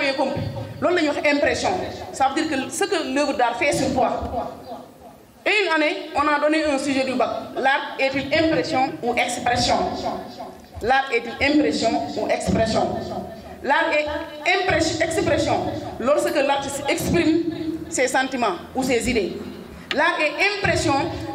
l'avez compris une impression ça veut dire que ce que l'œuvre d'art fait sur toi une année on a donné un sujet du bac l'art est une impression ou expression l'art est une impression ou expression l'art est impression expression lorsque l'artiste exprime ses sentiments ou ses idées l'art est impression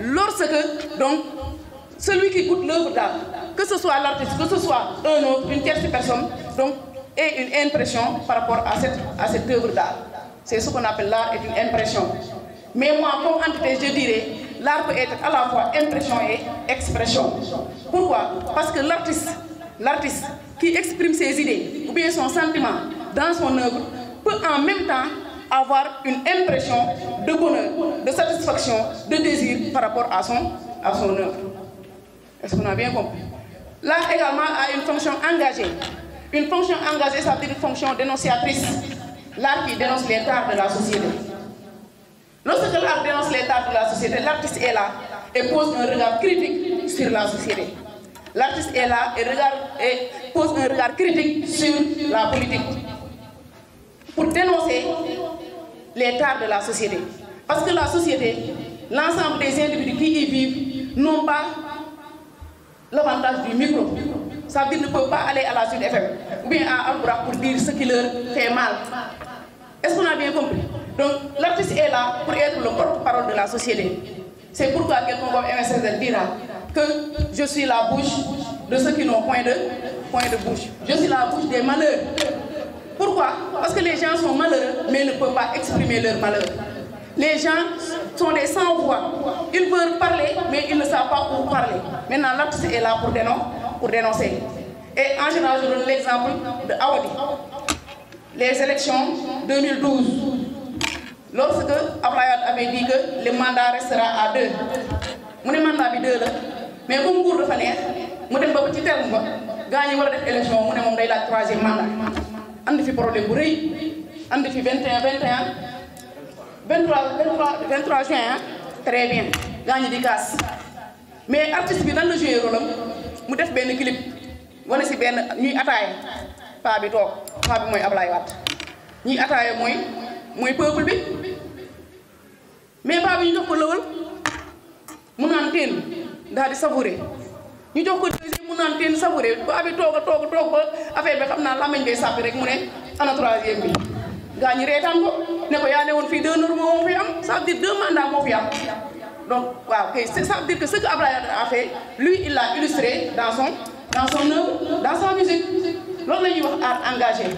lorsque donc celui qui goûte l'œuvre d'art que ce soit l'artiste que ce soit un autre une tierce personne donc et une impression par rapport à cette, à cette œuvre d'art. C'est ce qu'on appelle l'art est une impression. Mais moi, comme entité, je dirais, l'art peut être à la fois impression et expression. Pourquoi Parce que l'artiste, l'artiste qui exprime ses idées ou bien son sentiment dans son œuvre peut en même temps avoir une impression de bonheur, de satisfaction, de désir par rapport à son, à son œuvre. Est-ce qu'on a bien compris L'art également a une fonction engagée une fonction engagée, ça veut dire une fonction dénonciatrice. là qui dénonce l'état de la société. Lorsque l'art dénonce l'état de la société, l'artiste est là et pose un regard critique sur la société. L'artiste est là et, pose un regard critique sur la politique. Pour dénoncer l'état de la société. Parce que la société, l'ensemble des individus qui y vivent, n'ont pas l'avantage du micro ça dire qu'ils ne peut pas aller à la suite FM ou bien à pour dire ce qui leur fait mal. Est-ce qu'on a bien compris Donc l'artiste est là pour être le porte-parole de la société. C'est pourquoi quelqu'un comme MSSL dira que je suis la bouche de ceux qui n'ont point de, point de bouche. Je suis la bouche des malheurs. Pourquoi Parce que les gens sont malheureux mais ne peuvent pas exprimer leur malheur. Les gens sont des sans-voix. Ils veulent parler mais ils ne savent pas où parler. Maintenant l'artiste est là pour dénoncer pour dénoncer. Et en général, je donne l'exemple de Awadi. Les élections 2012, lorsque Ablayad avait dit que le mandat restera à deux, mon mandat est deux, mais comme cours de Faner, mon dem petit terme, gagné war def élection, mon la troisième mandat. On fait problème pour lui, on défi 21, 21, 23, 23, juin, hein. très bien, gagner des casse. Mais artiste, dans le jeu, mu def benn clip wane si benn ñuy ataaya paa bi toog paa bi mooy Ablaye Wade ñuy ataaya mooy mooy peuple bi mais paa bi ñu jox ko lëwal mu naan teen daal di savouré ñu jox ko deuxième mu naan teen savouré paa bi toog a toog toog ba affaire bi xam naa làmmiñ bay sàppi rek mu ne ana troisième bi gaa ñi reetaan ko ne yaa ne woon fii deux normes moo fi am ça veut dire deux moo fi am Donc, ça veut dire que ce que Abraham a fait, lui, il l'a illustré dans son, dans son œuvre, dans sa musique. L'on a engagé.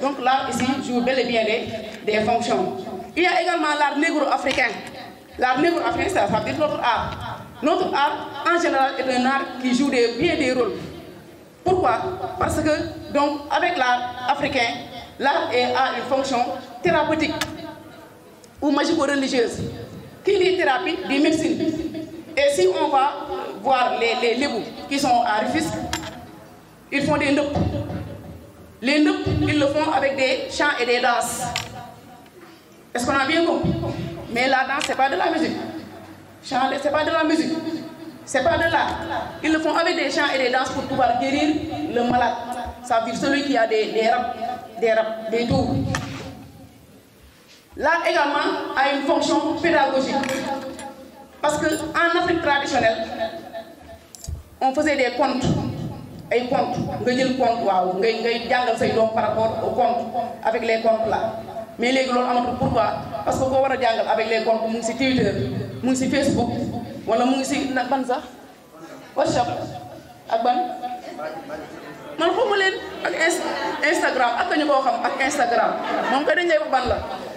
Donc l'art, ici, joue bel et bien des, des fonctions. Il y a également l'art négro-africain. L'art négro-africain, ça, ça veut dire notre art. Notre art, en général, est un art qui joue des, bien des rôles. Pourquoi Parce que, donc, avec l'art africain, l'art a une fonction thérapeutique ou magico-religieuse thérapie des médecines. Et si on va voir les, les qui sont à Rufisque, ils font des noeuds. Les noeuds, ils le font avec des chants et des danses. Est-ce qu'on a bien compris Mais la danse, ce pas de la musique. Chant, ce pas de la musique. C'est pas de l'art. Ils le font avec des chants et des danses pour pouvoir guérir le malade. Ça veut dire celui qui a des, des des rap, des tours là également a une fonction pédagogique. Parce qu'en Afrique traditionnelle, on faisait des comptes. Des comptes. par rapport aux comptes, avec les comptes là. Mais les pourquoi Parce qu'on va avec les comptes, sur Twitter, sur Facebook, Instagram Instagram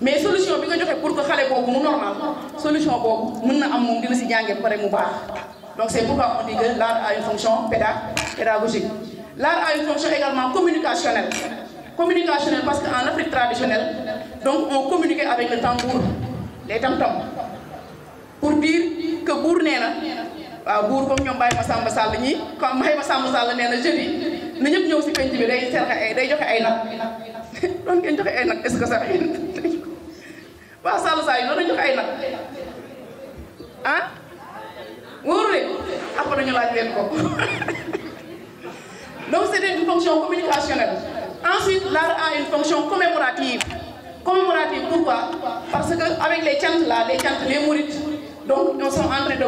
mais solution bi nga joxe pour que xalé boobu mu normal solution boobu mën na am moom dina si jàngee ba pare mu baax donc c'est pourquoi on dit que l' a une fonction pédagogique. l' a une fonction également communicationnelle communicationnelle parce que en Afrique traditionnelle donc on communiquait avec le tambour les tam-tam pour dire que buur nee na waaw comme ñoom Baye Massamba Sall ñii comme ma Massamba Sall nee na jeudi na ñëpp ñëw si penc bi day serxe ay day joxe ay nag donc ngeen joxe ay nag est ce que sax ah? donc c'est une fonction communicationnelle ensuite l'art a une fonction commémorative commémorative pourquoi parce que avec les chants là les chants les mourides donc nous sommes en train de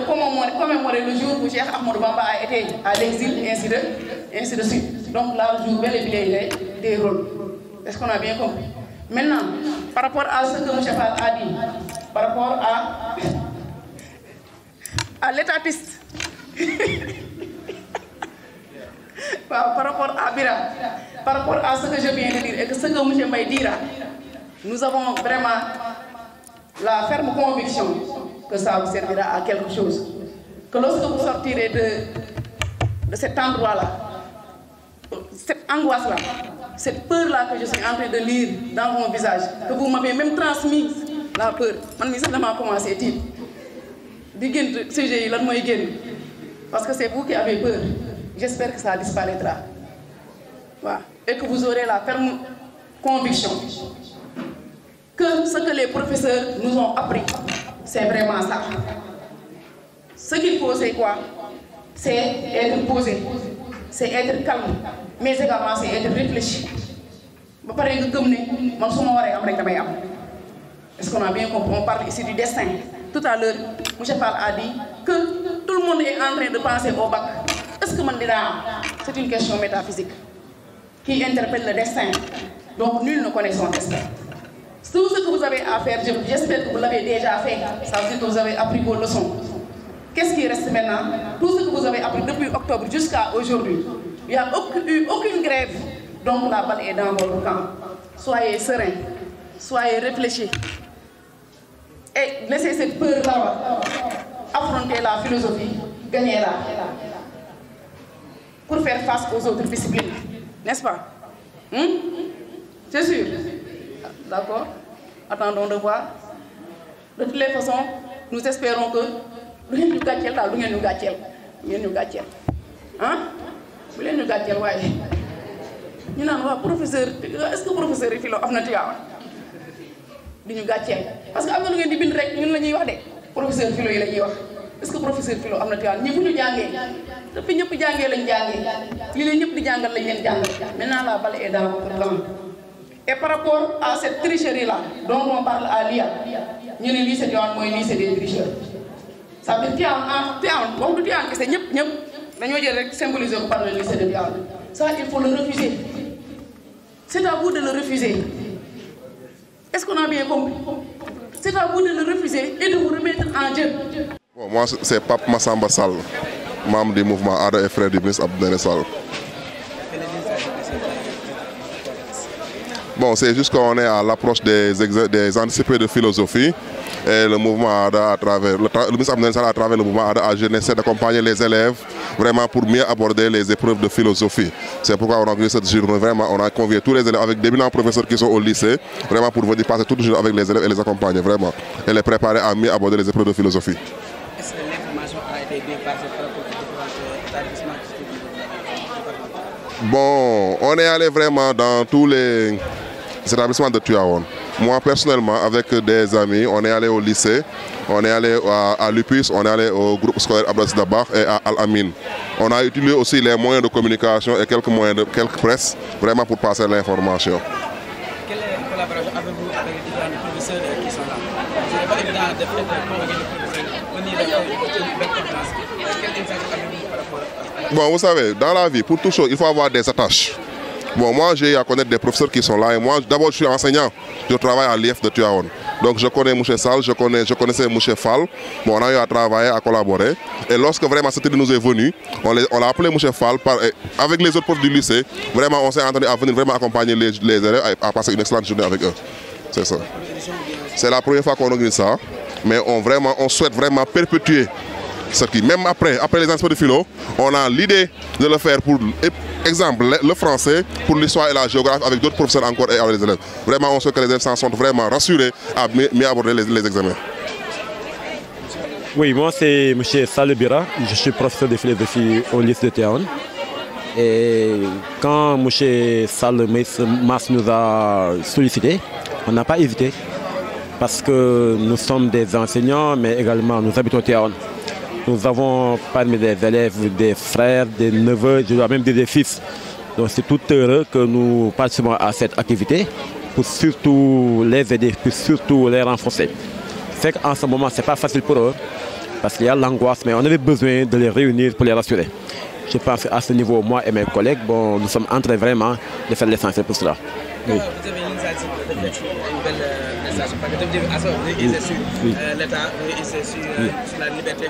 commémorer, le jour où Cheikh Ahmadou Bamba a été à l'exil ainsi de ainsi de suite donc l'art joue bel et bien des rôles est-ce qu'on a bien compris Maintenant, par rapport à ce que M. Fall a dit, par rapport à, l'étatiste, par, rapport à Bira, par rapport à ce que je viens de dire et que ce que M. Mbaye dira, nous avons vraiment la ferme conviction que ça vous servira à quelque chose. Que lorsque vous sortirez de cet endroit-là, cette angoisse-là, cette peur-là que je suis en train de lire dans vos visages, que vous m'avez même transmise, la peur. ça m'a commencé dit. Parce que c'est vous qui avez peur. J'espère que ça disparaîtra. Voilà. Et que vous aurez la ferme conviction que ce que les professeurs nous ont appris, c'est vraiment ça. Ce qu'il faut, c'est quoi C'est être posé, c'est être calme, mais également c'est être réfléchi Je parle nga gëm est-ce qu'on a bien compris on parle ici du destin tout à l'heure M. Fall a dit que tout le monde est en train de penser au bac est-ce que je c'est une question métaphysique qui interpelle le destin donc nul ne connaît son destin tout ce que vous avez à faire j'espère que vous l'avez déjà fait ça veut dire que vous avez appris vos leçons qu'est-ce qui reste maintenant tout ce que vous avez appris depuis octobre jusqu'à aujourd'hui il n'y a eu aucune grève. Donc la balle est dans votre camp. Soyez serein, soyez réfléchis. Et laissez cette peur là-bas. Affrontez la philosophie, gagnez-la. Pour faire face aux autres disciplines. N'est-ce pas hum? C'est sûr D'accord Attendons de voir. De toutes les façons, nous espérons que nous nous là, nous nous Nous Hein bu leen ñu gàcceel waaye ñu naan waa professeur est-ce que professeur yi fii la am na Tiwaawan di ñu gàcceel parce que am na lu ngeen di bind rek ñun la ñuy wax de professeur filo yi la ñuy wax est-ce que professeur filo am na Tiwaawan ñëpp ñu jàngee depuis ñëpp jàngee lañ jàngee li leen ñëpp di jàngal lañ leen jàngal maintenant la balle est dans votre camp et par rapport à cette tricherie là dont on parle à l'IA ñu ne lycée Tiwaawan mooy lycée des tricheurs ça veut dire Tiwaawan ah Tiwaawan wax du Tiwaawan kese ñëpp ñëpp nous symbolisé par le lycée de ça il faut le refuser c'est à vous de le refuser est-ce qu'on a bien compris c'est à vous de le refuser et de vous remettre en Dieu. moi c'est Pape Massamba Sall membre du mouvement Ada et frère du ministre Abdel Sall. Bon, c'est juste qu'on est à l'approche des, des, anticipés de philosophie et le mouvement ADA à travers, le, ministre à travers le mouvement ADA d'accompagner les élèves vraiment pour mieux aborder les épreuves de philosophie. C'est pourquoi on a cette journée, vraiment, on a convié tous les élèves avec des professeurs qui sont au lycée, vraiment pour venir passer toute journée avec les élèves et les accompagner, vraiment, et les préparer à mieux aborder les épreuves de philosophie. Est-ce que l'information a été Bon, on est allé vraiment dans tous les établissement de Tuaon. Moi, personnellement, avec des amis, on est allé au lycée, on est allé à, Lupus, on est allé au groupe scolaire Abbas Dabar et à Al-Amin. On a utilisé aussi les moyens de communication et quelques moyens de quelques presses, vraiment pour passer l'information. Quelle collaboration avez-vous avec les différents professeurs qui sont là Bon, vous savez, dans la vie, pour tout chose, il faut avoir des attaches. Bon, moi, j'ai eu à connaître des professeurs qui sont là. Et moi, d'abord, je suis enseignant. Je travaille à l'IF de Tuaon. Donc, je connais Mouché Sal, je, connais, je connaissais Mouché Fall. Bon, on a eu à travailler, à collaborer. Et lorsque vraiment cette idée nous est venue, on l'a appelé Mouché Fall. avec les autres profs du lycée, vraiment, on s'est entendu à venir vraiment accompagner les, élèves, à, passer une excellente journée avec eux. C'est ça. C'est la première fois qu'on organise ça. Mais on, vraiment, on souhaite vraiment perpétuer même après, après les enseignements de philo, on a l'idée de le faire pour, exemple, le français, pour l'histoire et la géographie, avec d'autres professeurs encore et avec les élèves. Vraiment, on souhaite que les élèves s'en sont vraiment rassurés à mieux aborder les, examens. Oui, moi c'est M. Salubira, je suis professeur de philosophie au lycée de Théon. Et quand M. Salmas nous a sollicité, on n'a pas hésité parce que nous sommes des enseignants, mais également nous habitons Théon. Nous avons parmi des élèves des frères, des neveux, je même des fils. Donc c'est tout heureux que nous participons à cette activité pour surtout les aider, pour surtout les renforcer. C'est qu'en ce moment, ce n'est pas facile pour eux parce qu'il y a l'angoisse, mais on avait besoin de les réunir pour les rassurer. Je pense à ce niveau, moi et mes collègues, bon, nous sommes en train vraiment de faire l'essentiel pour cela que ah, sur euh, l'État euh, sur la liberté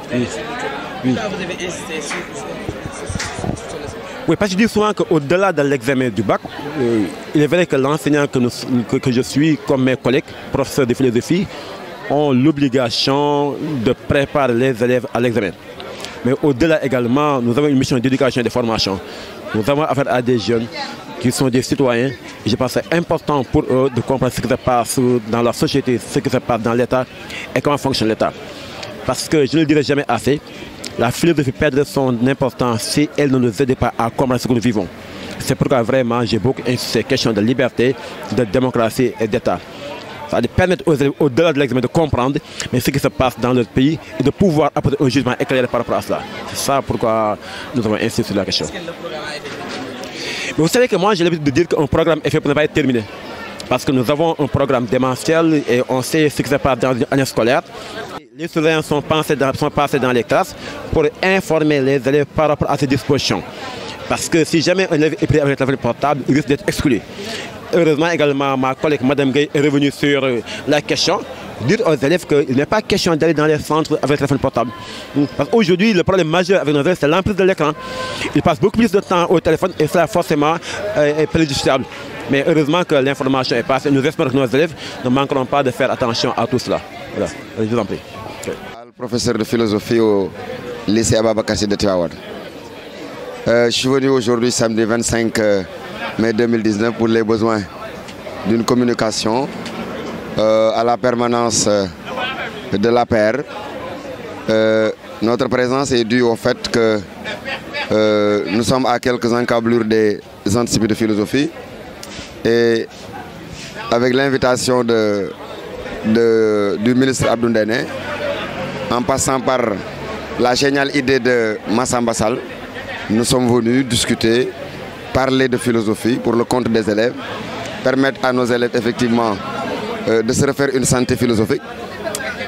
oui, parce que je dis souvent qu'au-delà de l'examen du bac, euh, il est vrai que l'enseignant que, je suis, comme mes collègues, professeurs de philosophie, ont l'obligation de préparer les élèves à l'examen. Mais au-delà également, nous avons une mission d'éducation et de formation. Nous avons affaire à des jeunes qui sont des citoyens. je pense que c'est important pour eux de comprendre ce qui se passe dans la société, ce qui se passe dans l'État et comment fonctionne l'État. Parce que je ne le dirai jamais assez, la philosophie perdrait son importance si elle ne nous aide pas à comprendre ce que nous vivons. C'est pourquoi vraiment j'ai beaucoup insisté sur question de liberté, de démocratie et d'État. Ça va permettre aux élèves, au-delà de l'examen, de comprendre ce qui se passe dans notre pays et de pouvoir apporter un jugement éclairé par rapport à cela. C'est ça pourquoi nous avons insisté sur la question vous savez que moi, j'ai l'habitude de dire qu'un programme est fait pour ne pas être terminé. Parce que nous avons un programme démentiel et on sait ce qui se passe dans l'année scolaire. Les surveillants sont, passés dans les classes pour informer les élèves par rapport à ces dispositions. Parce que si jamais un élève est pris avec un téléphone portable, il risque d'être exclu. Heureusement également, ma collègue Madame Gay est revenue sur euh, la question dire aux élèves qu'il n'est pas question d'aller dans les centres avec le téléphone portable. Parce qu'aujourd'hui, le problème majeur avec nos élèves, c'est l'emprise de l'écran. Ils passent beaucoup plus de temps au téléphone et cela forcément est préjudiciable. Mais heureusement que l'information est passée. Nous espérons que nos élèves ne manqueront pas de faire attention à tout cela. Je vous en prie. professeur de philosophie au lycée Ababakassi de euh, je suis venu aujourd'hui, samedi 25 euh, mai 2019, pour les besoins d'une communication euh, à la permanence euh, de la paire. Euh, notre présence est due au fait que nous sommes à quelques encablures des anticipés de philosophie et avec l'invitation du ministre Abdoundene, en passant par la géniale idée de Massambassal, nous sommes venus discuter, parler de philosophie pour le compte des élèves, permettre à nos élèves effectivement euh, de se refaire une santé philosophique,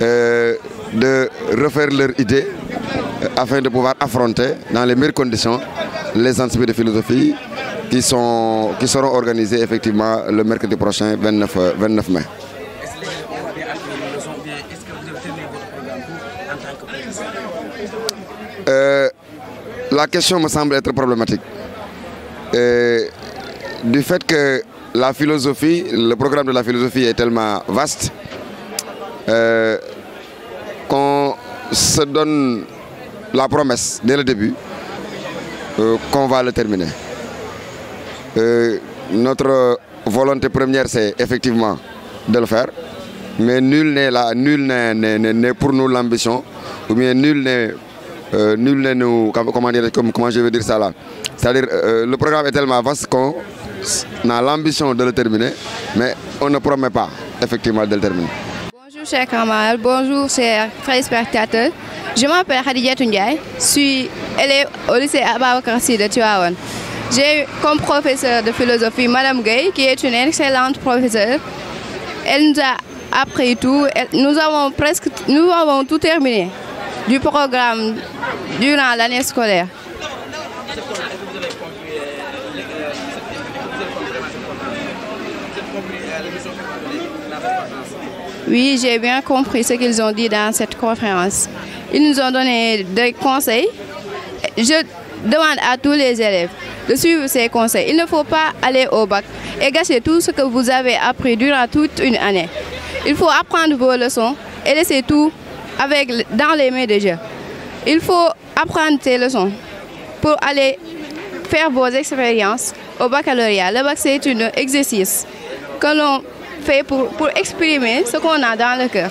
euh, de refaire leur idée euh, afin de pouvoir affronter dans les meilleures conditions les enseignements de philosophie qui, sont, qui seront organisés effectivement le mercredi prochain 29, 29 mai. Euh, la question me semble être problématique. du fait que la philosophie, le programme de la philosophie est tellement vaste euh, qu'on se donne la promesse dès le début euh, qu'on va le terminer. Euh, notre volonté première, c'est effectivement de le faire, mais nul n'est là, nul n'est pour nous l'ambition, ou bien nul n'est nul nous, comment, comment, je veux dire ça là. C'est-à-dire, le programme est tellement vaste qu'on on a l'ambition de le terminer, mais on ne promet pas effectivement de le terminer. Bonjour cher Kamal, bonjour chers spectateurs. Je m'appelle Khadija Tungay, je suis élève au lycée Abaokarci de Tuawan. J'ai comme professeur de philosophie Madame Gay, qui est une excellente professeure. Elle nous a appris tout, nous avons presque nous avons tout terminé du programme durant l'année scolaire. Oui, j'ai bien compris ce qu'ils ont dit dans cette conférence. Ils nous ont donné des conseils. Je demande à tous les élèves de suivre ces conseils. Il ne faut pas aller au bac et gâcher tout ce que vous avez appris durant toute une année. Il faut apprendre vos leçons et laisser tout avec, dans les mains des jeunes. Il faut apprendre ces leçons pour aller faire vos expériences au baccalauréat. Le bac, c'est un exercice que l'on fait pour, exprimer ce qu'on a dans le cœur.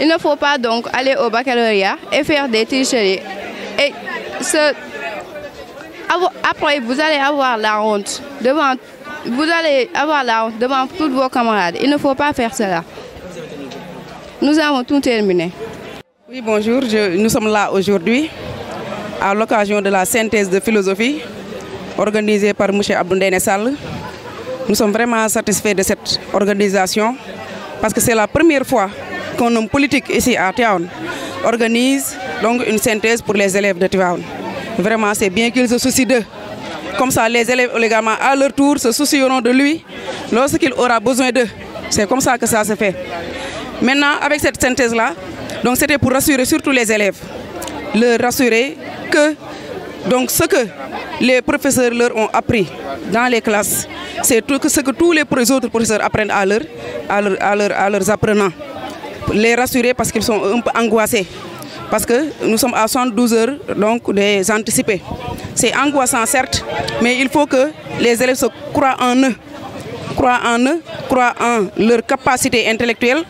Il ne faut pas donc aller au baccalauréat et faire des tricheries. Et ce, après, vous allez avoir la honte devant, vous allez avoir la honte devant tous vos camarades. Il ne faut pas faire cela. Nous avons tout terminé. Oui, bonjour. nous sommes là aujourd'hui à l'occasion de la synthèse de philosophie organisée par M. Abdoundé Nessal nous sommes vraiment satisfaits de cette organisation parce que c'est la première fois qu'un homme politique ici à Tiaon organise donc une synthèse pour les élèves de Tiaon. Vraiment, c'est bien qu'ils se soucient d'eux. Comme ça, les élèves légalement, à leur tour, se soucieront de lui lorsqu'il aura besoin d'eux. C'est comme ça que ça se fait. Maintenant, avec cette synthèse-là, donc c'était pour rassurer surtout les élèves, leur rassurer que donc ce que les professeurs leur ont appris dans les classes, c'est tout ce que tous les autres professeurs apprennent à, leur, à, leurs apprenants. Les rassurer parce qu'ils sont un peu angoissés. Parce que nous sommes à 72 heures, donc les anticiper. C'est angoissant certes, mais il faut que les élèves se croient en eux croient en eux, croient en leur capacité intellectuelle,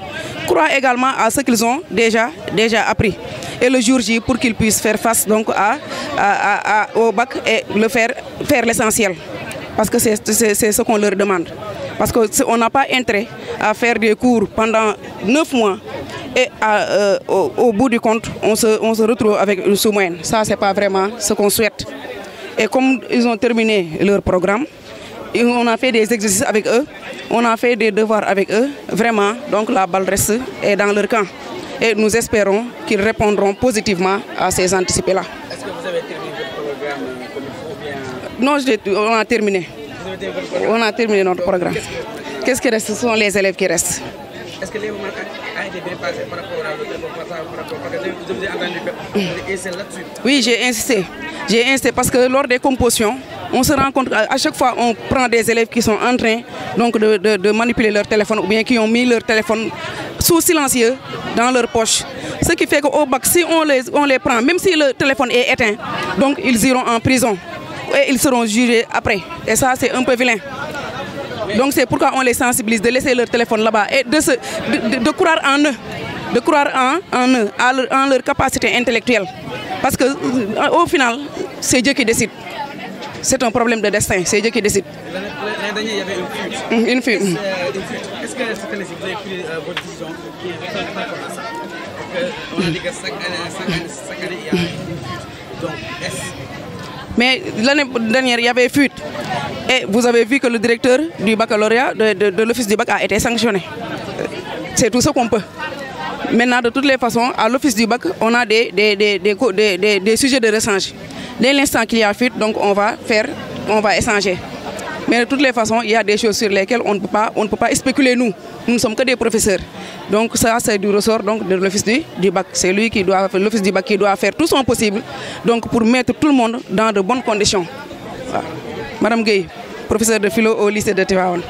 croient également à ce qu'ils ont déjà, déjà appris et le jour J pour qu'ils puissent faire face donc à, au bac et le faire, faire l'essentiel. Parce que c'est ce qu'on leur demande. Parce qu'on n'a pas intérêt à faire des cours pendant 9 mois et euh, au, bout du compte, on se, retrouve avec une sous Ça, ce n'est pas vraiment ce qu'on souhaite. Et comme ils ont terminé leur programme, on a fait des exercices avec eux, on a fait des devoirs avec eux. Vraiment, donc la balle reste est dans leur camp et nous espérons qu'ils répondront positivement à ces anticipés-là. Est-ce que vous avez terminé votre programme euh, comme euh? Non, on a terminé. On a terminé notre programme. Qu'est-ce qui reste Ce sont les élèves qui restent. Est-ce que les moments ont été bien par rapport à votre Parce vous avez entendu là-dessus. Oui, j'ai insisté. J'ai insisté parce que lors des compositions, on se rend compte à chaque fois on prend des élèves qui sont en train donc de, manipuler leur téléphone ou bien qui ont mis leur téléphone sous silencieux dans leur poche. Ce qui fait qu'au bac, si on les, on les prend, même si le téléphone est éteint, donc ils iront en prison et ils seront jugés après. Et ça, c'est un peu vilain. Donc c'est pourquoi on les sensibilise de laisser leur téléphone là-bas et de, de, croire en eux, de croire en, eux, en leur, capacité intellectuelle. Parce que au final, c'est Dieu qui décide c'est un problème de destin, c'est Dieu qui décide. L'année dernière, il y avait une fuite. Mm, euh, une fuite. Est-ce que vous avez pris votre décision qui est On a dit que chaque année, il y a une fuite. Donc, est Mais l'année dernière, il y avait une fuite. Et vous avez vu que le directeur du baccalauréat, de, de l'office du bac, a été sanctionné. Euh, c'est tout ce qu'on peut. Maintenant, de toutes les façons, à l'office du bac, on a des, des, sujets de rechange. Dès l'instant qu'il y a fuite, donc on va faire, on va échanger. Mais de toutes les façons, il y a des choses sur lesquelles on ne peut pas, on ne peut pas spéculer nous. Nous ne sommes que des professeurs. Donc ça, c'est du ressort donc, de l'office du, bac. C'est lui qui doit, l'office du bac qui doit faire tout son possible donc, pour mettre tout le monde dans de bonnes conditions. Madame Gay, professeure de philo au lycée de Tivaouane.